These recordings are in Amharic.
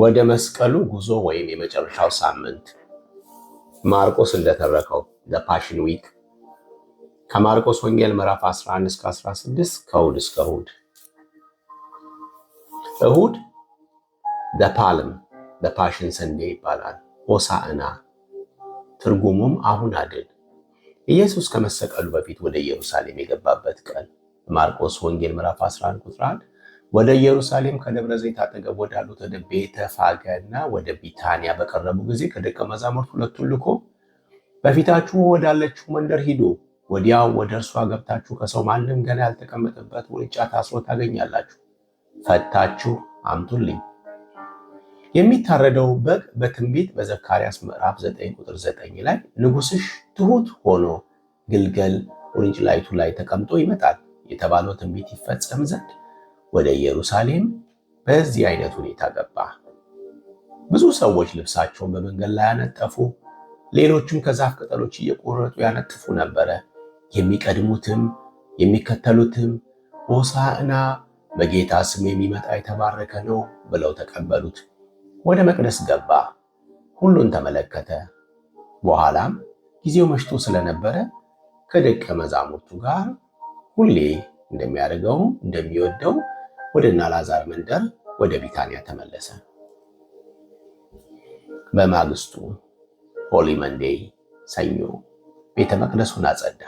ወደ መስቀሉ ጉዞ ወይም የመጨረሻው ሳምንት ማርቆስ እንደተረከው ለፓሽን ዊክ ከማርቆስ ወንጌል ምዕራፍ 11 እስከ 16 ከእሁድ እስከ እሁድ እሁድ በፓልም በፓሽን ሰንዴ ይባላል። ሆሳዕና ትርጉሙም አሁን አድን። ኢየሱስ ከመሰቀሉ በፊት ወደ ኢየሩሳሌም የገባበት ቀን ማርቆስ ወንጌል ምዕራፍ 11 ቁጥር 1 ወደ ኢየሩሳሌም ከደብረ ዘይት አጠገብ ወዳሉት ወደ ቤተፋገ ወደ ቢታንያ በቀረቡ ጊዜ ከደቀ መዛሙርት ሁለቱን ልኮ በፊታችሁ ወዳለችው መንደር ሂዱ፣ ወዲያው ወደ እርሷ ገብታችሁ ከሰው ማንም ገና ያልተቀመጠበት ውርንጫ ታስሮ ታገኛላችሁ፣ ፈታችሁ አምጡልኝ። የሚታረደው በግ በትንቢት በዘካርያስ ምዕራፍ 9 ቁጥር 9 ላይ ንጉሥሽ ትሑት ሆኖ ግልገል ውርንጭላይቱ ላይ ተቀምጦ ይመጣል የተባለው ትንቢት ይፈጸም ዘንድ ወደ ኢየሩሳሌም በዚህ አይነት ሁኔታ ገባ። ብዙ ሰዎች ልብሳቸውን በመንገድ ላይ ያነጠፉ፣ ሌሎችም ከዛፍ ቅጠሎች እየቆረጡ ያነጥፉ ነበረ። የሚቀድሙትም የሚከተሉትም ሆሳዕና በጌታ ስም የሚመጣ የተባረከ ነው ብለው ተቀበሉት። ወደ መቅደስ ገባ፣ ሁሉን ተመለከተ። በኋላም ጊዜው መሽቶ ስለነበረ ከደቀ መዛሙርቱ ጋር ሁሌ እንደሚያደርገው እንደሚወደው ወደ ናላዛር መንደር ወደ ቢታንያ ተመለሰ። በማግስቱ ሆሊ መንዴይ ሰኞ ቤተ መቅደሱን አጸዳ።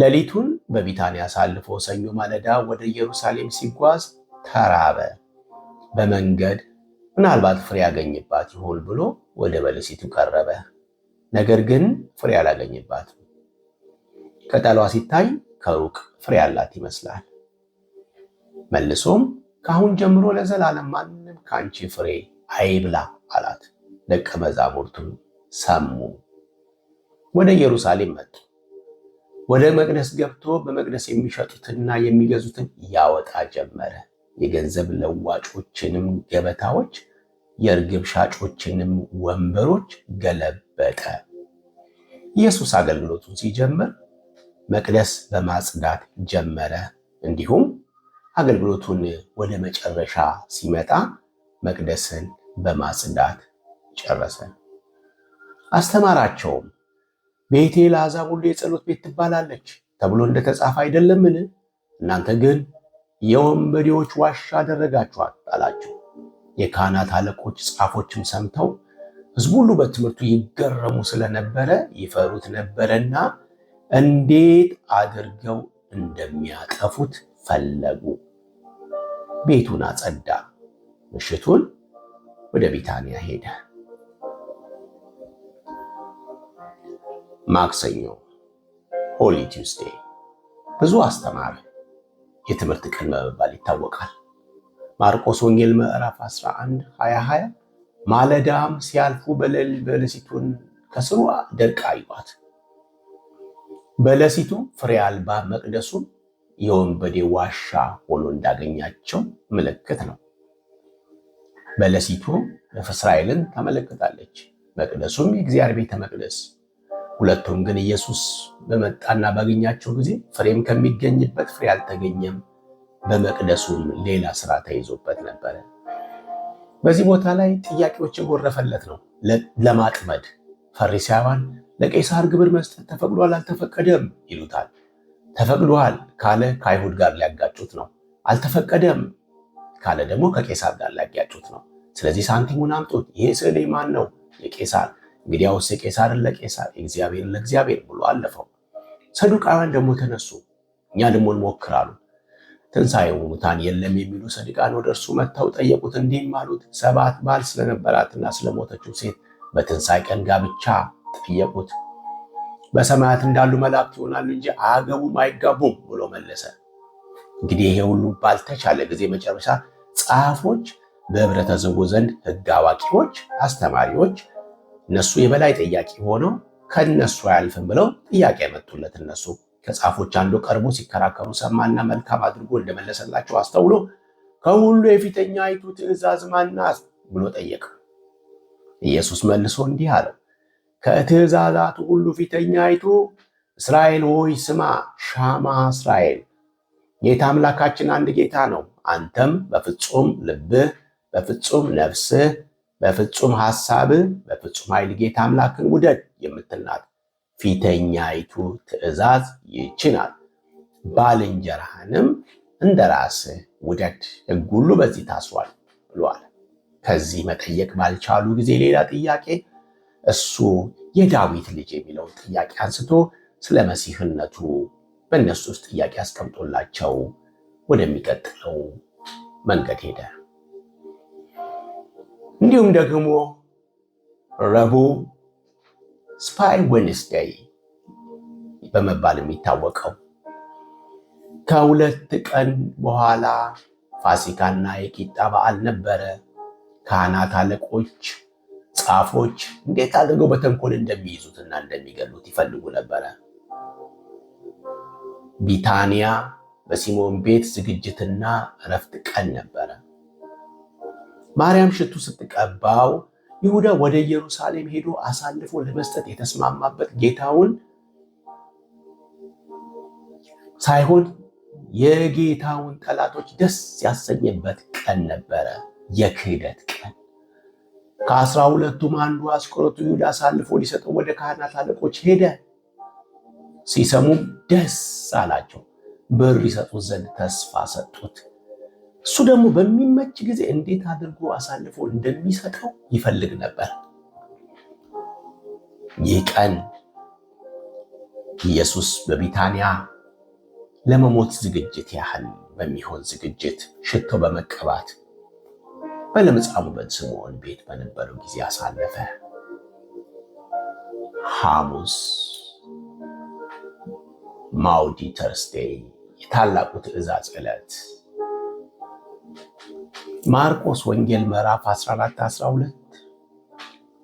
ሌሊቱን በቢታንያ አሳልፎ ሰኞ ማለዳ ወደ ኢየሩሳሌም ሲጓዝ ተራበ። በመንገድ ምናልባት ፍሬ ያገኝባት ይሆን ብሎ ወደ በለሲቱ ቀረበ። ነገር ግን ፍሬ አላገኝባትም። ቅጠሏ ሲታይ ከሩቅ ፍሬ ያላት ይመስላል። መልሶም ከአሁን ጀምሮ ለዘላለም ማንም ከአንቺ ፍሬ አይብላ አላት። ደቀ መዛሙርቱ ሰሙ። ወደ ኢየሩሳሌም መጡ። ወደ መቅደስ ገብቶ በመቅደስ የሚሸጡትንና የሚገዙትን ያወጣ ጀመረ። የገንዘብ ለዋጮችንም ገበታዎች፣ የርግብ ሻጮችንም ወንበሮች ገለበጠ። ኢየሱስ አገልግሎቱን ሲጀምር መቅደስ በማጽዳት ጀመረ። እንዲሁም አገልግሎቱን ወደ መጨረሻ ሲመጣ መቅደስን በማጽዳት ጨረሰ። አስተማራቸውም ቤቴ ለአሕዛብ ሁሉ የጸሎት ቤት ትባላለች ተብሎ እንደተጻፈ አይደለምን? እናንተ ግን የወንበዴዎች ዋሻ አደረጋችኋት አላቸው። የካህናት አለቆች ጻፎችም ሰምተው ሕዝቡ ሁሉ በትምህርቱ ይገረሙ ስለነበረ ይፈሩት ነበረና እንዴት አድርገው እንደሚያጠፉት ፈለጉ። ቤቱን አጸዳ። ምሽቱን ወደ ቢታንያ ሄደ። ማክሰኞ ሆሊ ቲውስዴይ ብዙ አስተማረ። የትምህርት ቀን በመባል ይታወቃል። ማርቆስ ወንጌል ምዕራፍ 11 20 ማለዳም ሲያልፉ በለሲቱን ከስሩ ደርቃ አዩአት። በለሲቱ ፍሬ አልባ መቅደሱን የወንበዴ ዋሻ ሆኖ እንዳገኛቸው ምልክት ነው። በለሲቱ እስራኤልን ታመለክታለች፣ መቅደሱም የእግዚአብሔር ቤተ መቅደስ። ሁለቱም ግን ኢየሱስ በመጣና ባገኛቸው ጊዜ ፍሬም ከሚገኝበት ፍሬ አልተገኘም፣ በመቅደሱም ሌላ ስራ ተይዞበት ነበረ። በዚህ ቦታ ላይ ጥያቄዎች የጎረፈለት ነው። ለማጥመድ ፈሪሳውያን ለቄሳር ግብር መስጠት ተፈቅዷል አልተፈቀደም ይሉታል። ተፈቅዶሃል ካለ ከአይሁድ ጋር ሊያጋጩት ነው። አልተፈቀደም ካለ ደግሞ ከቄሳር ጋር ሊያጋጩት ነው። ስለዚህ ሳንቲሙን አምጡት፣ ይሄ ስዕል የማን ነው? የቄሳር። እንግዲያውስ የቄሳርን ለቄሳር የእግዚአብሔርን ለእግዚአብሔር ብሎ አለፈው። ሰዱቃውያን ደግሞ ተነሱ፣ እኛ ደግሞ እንሞክር አሉ። ትንሣኤ ሙታን የለም የሚሉ ሰድቃን ወደ እርሱ መጥተው ጠየቁት። እንዲህም አሉት፣ ሰባት ባል ስለነበራትና ስለሞተችው ሴት በትንሣኤ ቀን ጋብቻ ጠየቁት። በሰማያት እንዳሉ መላእክት ይሆናሉ እንጂ አያገቡም አይጋቡም ብሎ መለሰ። እንግዲህ ይሄ ሁሉ ባልተቻለ ጊዜ መጨረሻ ጸሐፎች በህብረተሰቡ ዘንድ ህግ አዋቂዎች፣ አስተማሪዎች እነሱ የበላይ ጥያቄ ሆነው ከነሱ አያልፍም ብለው ጥያቄ መጡለት እነሱ ከጻፎች አንዱ ቀርቦ ሲከራከሩ ሰማና መልካም አድርጎ እንደመለሰላቸው አስተውሎ ከሁሉ አይቱ ትእዛዝ ማናት ብሎ ጠየቀ። ኢየሱስ መልሶ እንዲህ አለው፣ ከትእዛዛቱ ሁሉ አይቱ እስራኤል ሆይ ስማ፣ ሻማ እስራኤል ጌታ አምላካችን አንድ ጌታ ነው። አንተም በፍጹም ልብህ፣ በፍጹም ነፍስህ፣ በፍጹም ሐሳብህ፣ በፍጹም ኃይል ጌታ አምላክን ውደድ የምትልናት ፊተኛይቱ ትእዛዝ ይህች ናት። ባልንጀራህንም እንደ ራስህ ውደድ፣ ሕግ ሁሉ በዚህ ታስሯል ብሏል። ከዚህ መጠየቅ ባልቻሉ ጊዜ ሌላ ጥያቄ እሱ የዳዊት ልጅ የሚለውን ጥያቄ አንስቶ ስለ መሲህነቱ በእነሱ ውስጥ ጥያቄ አስቀምጦላቸው ወደሚቀጥለው መንገድ ሄደ። እንዲሁም ደግሞ ረቡዕ ስፓይ ዌንስዴይ በመባል የሚታወቀው ከሁለት ቀን በኋላ ፋሲካና የቂጣ በዓል ነበረ። ካህናት አለቆች ጻፎች እንዴት አድርገው በተንኮል እንደሚይዙትና እንደሚገሉት ይፈልጉ ነበረ። ቢታንያ በሲሞን ቤት ዝግጅትና እረፍት ቀን ነበረ። ማርያም ሽቱ ስትቀባው ይሁዳ ወደ ኢየሩሳሌም ሄዶ አሳልፎ ለመስጠት የተስማማበት ጌታውን ሳይሆን የጌታውን ጠላቶች ደስ ያሰኘበት ቀን ነበረ፣ የክህደት ቀን። ከአስራ ሁለቱም አንዱ አስቆረቱ ይሁዳ አሳልፎ ሊሰጠው ወደ ካህናት አለቆች ሄደ። ሲሰሙም ደስ አላቸው፣ ብር ይሰጡት ዘንድ ተስፋ ሰጡት። እሱ ደግሞ በሚመች ጊዜ እንዴት አድርጎ አሳልፎ እንደሚሰጠው ይፈልግ ነበር። ይህ ቀን ኢየሱስ በቢታንያ ለመሞት ዝግጅት ያህል በሚሆን ዝግጅት ሽቶ በመቀባት በለምጻሙ በስምዖን ቤት በነበረው ጊዜ አሳለፈ። ሐሙስ ማውዲ ተርስዴይ የታላቁ ትእዛዝ ዕለት ማርቆስ ወንጌል ምዕራፍ 14 12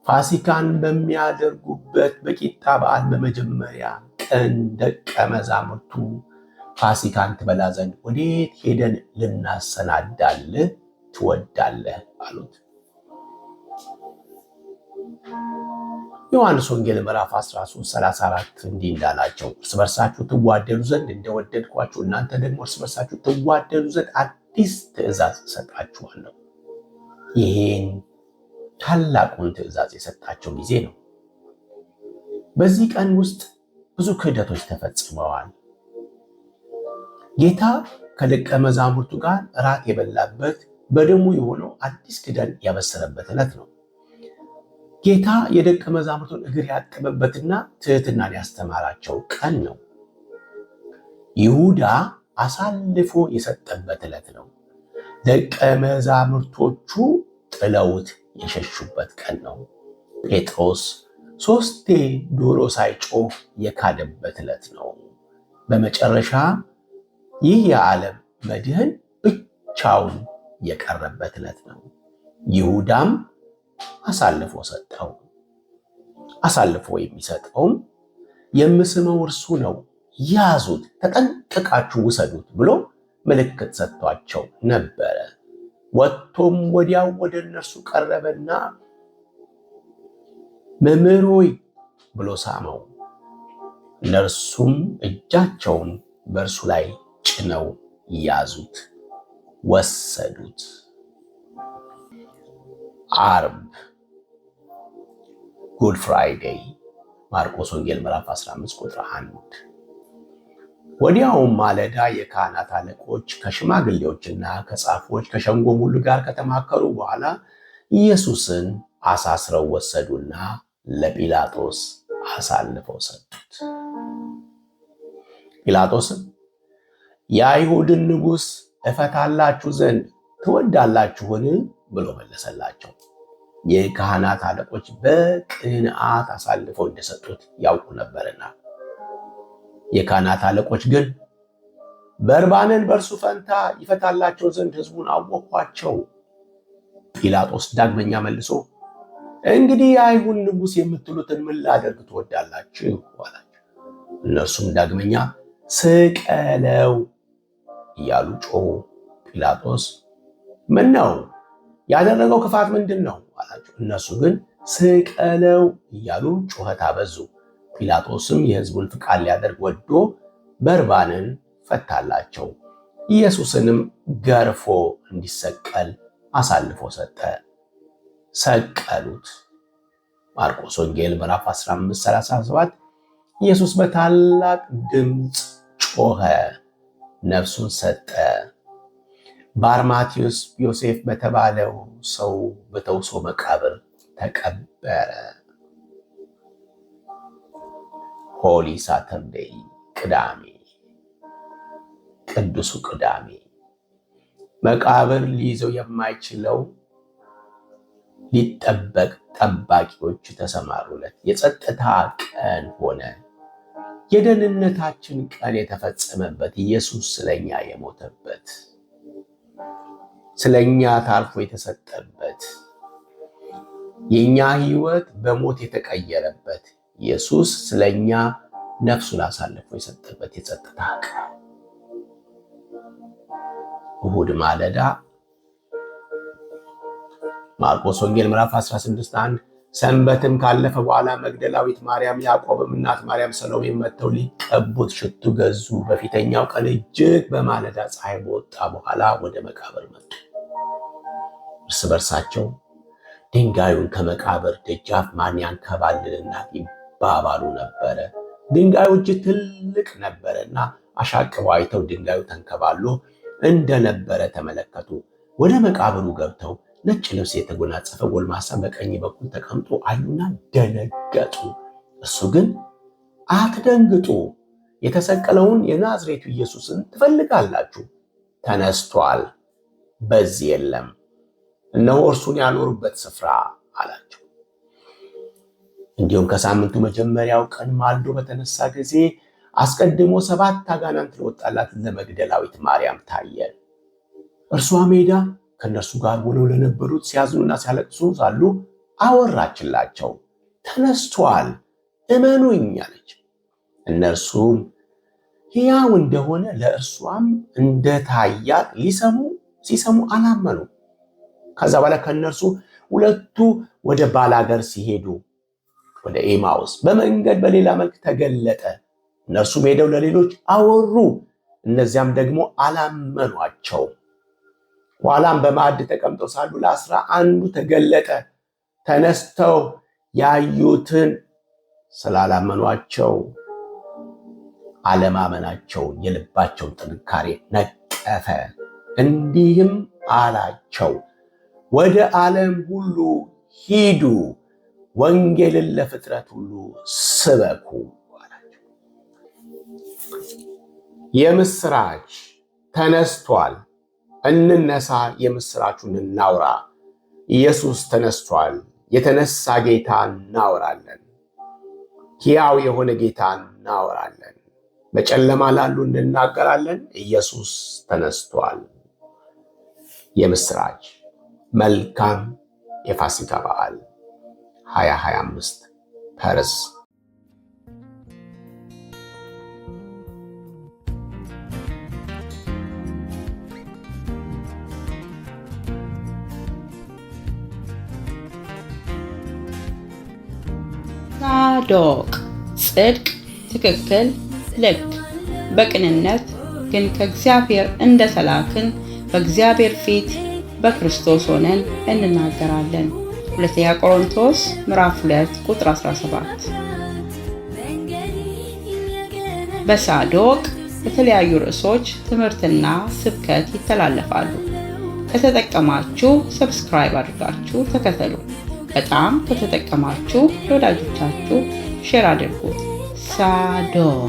ፋሲካን በሚያደርጉበት በቂጣ በዓል በመጀመሪያ ቀን ደቀ መዛሙርቱ ፋሲካን ትበላ ዘንድ ወዴት ሄደን ልናሰናዳልህ ትወዳለህ አሉት። ዮሐንስ ወንጌል ምዕራፍ 13 34 እንዲህ እንዳላቸው እርስ በርሳችሁ ትዋደዱ ዘንድ እንደወደድኳችሁ እናንተ ደግሞ እርስ በርሳችሁ ትዋደዱ ዘንድ አዲስ ትእዛዝ እሰጣችኋለሁ። ይሄን ታላቁን ትእዛዝ የሰጣቸው ጊዜ ነው። በዚህ ቀን ውስጥ ብዙ ክህደቶች ተፈጽመዋል። ጌታ ከደቀ መዛሙርቱ ጋር እራት የበላበት በደሙ የሆነው አዲስ ኪዳን ያበሰረበት ዕለት ነው። ጌታ የደቀ መዛሙርቱን እግር ያጠበበትና ትህትናን ያስተማራቸው ቀን ነው። ይሁዳ አሳልፎ የሰጠበት ዕለት ነው። ደቀ መዛሙርቶቹ ጥለውት የሸሹበት ቀን ነው። ጴጥሮስ ሶስቴ ዶሮ ሳይጮህ የካደበት ዕለት ነው። በመጨረሻ ይህ የዓለም መድህን ብቻውን የቀረበት ዕለት ነው። ይሁዳም አሳልፎ ሰጠው። አሳልፎ የሚሰጠውም የምስመው እርሱ ነው፣ ያዙት፣ ተጠንቅቃችሁ ውሰዱት ብሎ ምልክት ሰጥቷቸው ነበረ። ወጥቶም ወዲያው ወደ እነርሱ ቀረበና መምህር ሆይ ብሎ ሳመው። እነርሱም እጃቸውን በእርሱ ላይ ጭነው ያዙት። ወሰዱት። አርብ ጉድ ፍራይዴይ ማርቆስ ወንጌል ምዕራፍ 15 ቁጥር 1። ወዲያውም ማለዳ የካህናት አለቆች ከሽማግሌዎችና ከጻፎች ከሸንጎም ሁሉ ጋር ከተማከሩ በኋላ ኢየሱስን አሳስረው ወሰዱና ለጲላጦስ አሳልፈው ሰጡት። ጲላጦስም የአይሁድን ንጉሥ እፈታላችሁ ዘንድ ትወዳላችሁን ብሎ መለሰላቸው። የካህናት አለቆች በቅንዓት አሳልፈው እንደሰጡት ያውቁ ነበርና፣ የካህናት አለቆች ግን በርባንን በእርሱ ፈንታ ይፈታላቸው ዘንድ ሕዝቡን አወኳቸው። ጲላጦስ ዳግመኛ መልሶ እንግዲህ የአይሁን ንጉሥ የምትሉትን ምን ላደርግ ትወዳላችሁ? አላቸው። እነርሱም ዳግመኛ ስቀለው እያሉ ጮሁ። ጲላጦስ ምን ነው ያደረገው ክፋት ምንድን ነው አላቸው። እነሱ ግን ስቀለው እያሉ ጩኸት አበዙ። ጲላጦስም የሕዝቡን ፍቃድ ሊያደርግ ወዶ በርባንን ፈታላቸው። ኢየሱስንም ገርፎ እንዲሰቀል አሳልፎ ሰጠ። ሰቀሉት። ማርቆስ ወንጌል ምዕራፍ 15 37 ኢየሱስ በታላቅ ድምፅ ጮኸ። ነፍሱን ሰጠ። በአርማቴዎስ ዮሴፍ በተባለው ሰው በተውሶ መቃብር ተቀበረ። ሆሊ ሳተርዴይ ቅዳሜ፣ ቅዱሱ ቅዳሜ መቃብር ሊይዘው የማይችለው ሊጠበቅ ጠባቂዎች ተሰማሩለት። የጸጥታ ቀን ሆነ። የደህንነታችን ቀን የተፈጸመበት ኢየሱስ ስለኛ የሞተበት ስለኛ ታልፎ የተሰጠበት የኛ ሕይወት በሞት የተቀየረበት ኢየሱስ ስለኛ ነፍሱን አሳልፎ የሰጠበት የጸጥታ ቀን እሁድ ማለዳ ማርቆስ ወንጌል ምዕራፍ 16 1 ሰንበትም ካለፈ በኋላ መግደላዊት ማርያም፣ ያዕቆብም እናት ማርያም፣ ሰሎሜ መጥተው ሊቀቡት ሽቱ ገዙ። በፊተኛው ቀን እጅግ በማለዳ ፀሐይ በወጣ በኋላ ወደ መቃብር መጡ። እርስ በርሳቸው ድንጋዩን ከመቃብር ደጃፍ ማን ያንከባልልና ይባባሉ ነበረ። ድንጋዩ እጅ ትልቅ ነበረና አሻቅበው አይተው ድንጋዩ ተንከባሎ እንደነበረ ተመለከቱ። ወደ መቃብሩ ገብተው ነጭ ልብስ የተጎናጸፈ ጎልማሳ በቀኝ በኩል ተቀምጦ አዩና ደነገጡ። እሱ ግን አትደንግጡ፣ የተሰቀለውን የናዝሬቱ ኢየሱስን ትፈልጋላችሁ፣ ተነስቷል፣ በዚህ የለም፣ እነሆ እርሱን ያኖሩበት ስፍራ አላቸው። እንዲሁም ከሳምንቱ መጀመሪያው ቀን ማልዶ በተነሳ ጊዜ አስቀድሞ ሰባት አጋናንት ለወጣላት ለመግደላዊት ማርያም ታየ። እርሷ ሜዳ ከእነርሱ ጋር ውለው ለነበሩት ሲያዝኑና ሲያለቅሱ ሳሉ አወራችላቸው። ተነስቷል፣ እመኑኝ አለች። እነርሱም ሕያው እንደሆነ ለእርሷም እንደታያት ሊሰሙ ሲሰሙ አላመኑ። ከዛ በኋላ ከእነርሱ ሁለቱ ወደ ባላገር ሲሄዱ ወደ ኤማውስ በመንገድ በሌላ መልክ ተገለጠ። እነርሱም ሄደው ለሌሎች አወሩ፣ እነዚያም ደግሞ አላመኗቸው። ኋላም በማዕድ ተቀምጠው ሳሉ ለአስራ አንዱ ተገለጠ። ተነስተው ያዩትን ስላላመኗቸው አለማመናቸው የልባቸውን ጥንካሬ ነቀፈ። እንዲህም አላቸው፣ ወደ ዓለም ሁሉ ሂዱ፣ ወንጌልን ለፍጥረት ሁሉ ስበኩ አላቸው። የምስራች ተነስቷል እንነሳ፣ የምስራቹን እናውራ። ኢየሱስ ተነስቷል። የተነሳ ጌታ እናወራለን። ሕያው የሆነ ጌታ እናወራለን። በጨለማ ላሉ እንናገራለን። ኢየሱስ ተነስቷል። የምስራች። መልካም የፋሲካ በዓል 2025 ፐርስ ዶቅ ጽድቅ፣ ትክክል፣ ልክ በቅንነት ግን ከእግዚአብሔር እንደ ተላክን በእግዚአብሔር ፊት በክርስቶስ ሆነን እንናገራለን። ሁለተኛ ቆሮንቶስ ምዕራፍ 2 ቁጥር 17። በሳዶቅ የተለያዩ ርዕሶች ትምህርትና ስብከት ይተላለፋሉ። ከተጠቀማችሁ ሰብስክራይብ አድርጋችሁ ተከተሉ። በጣም ከተጠቀማችሁ ለወዳጆቻችሁ ሼር አድርጉ። ሳዶቅ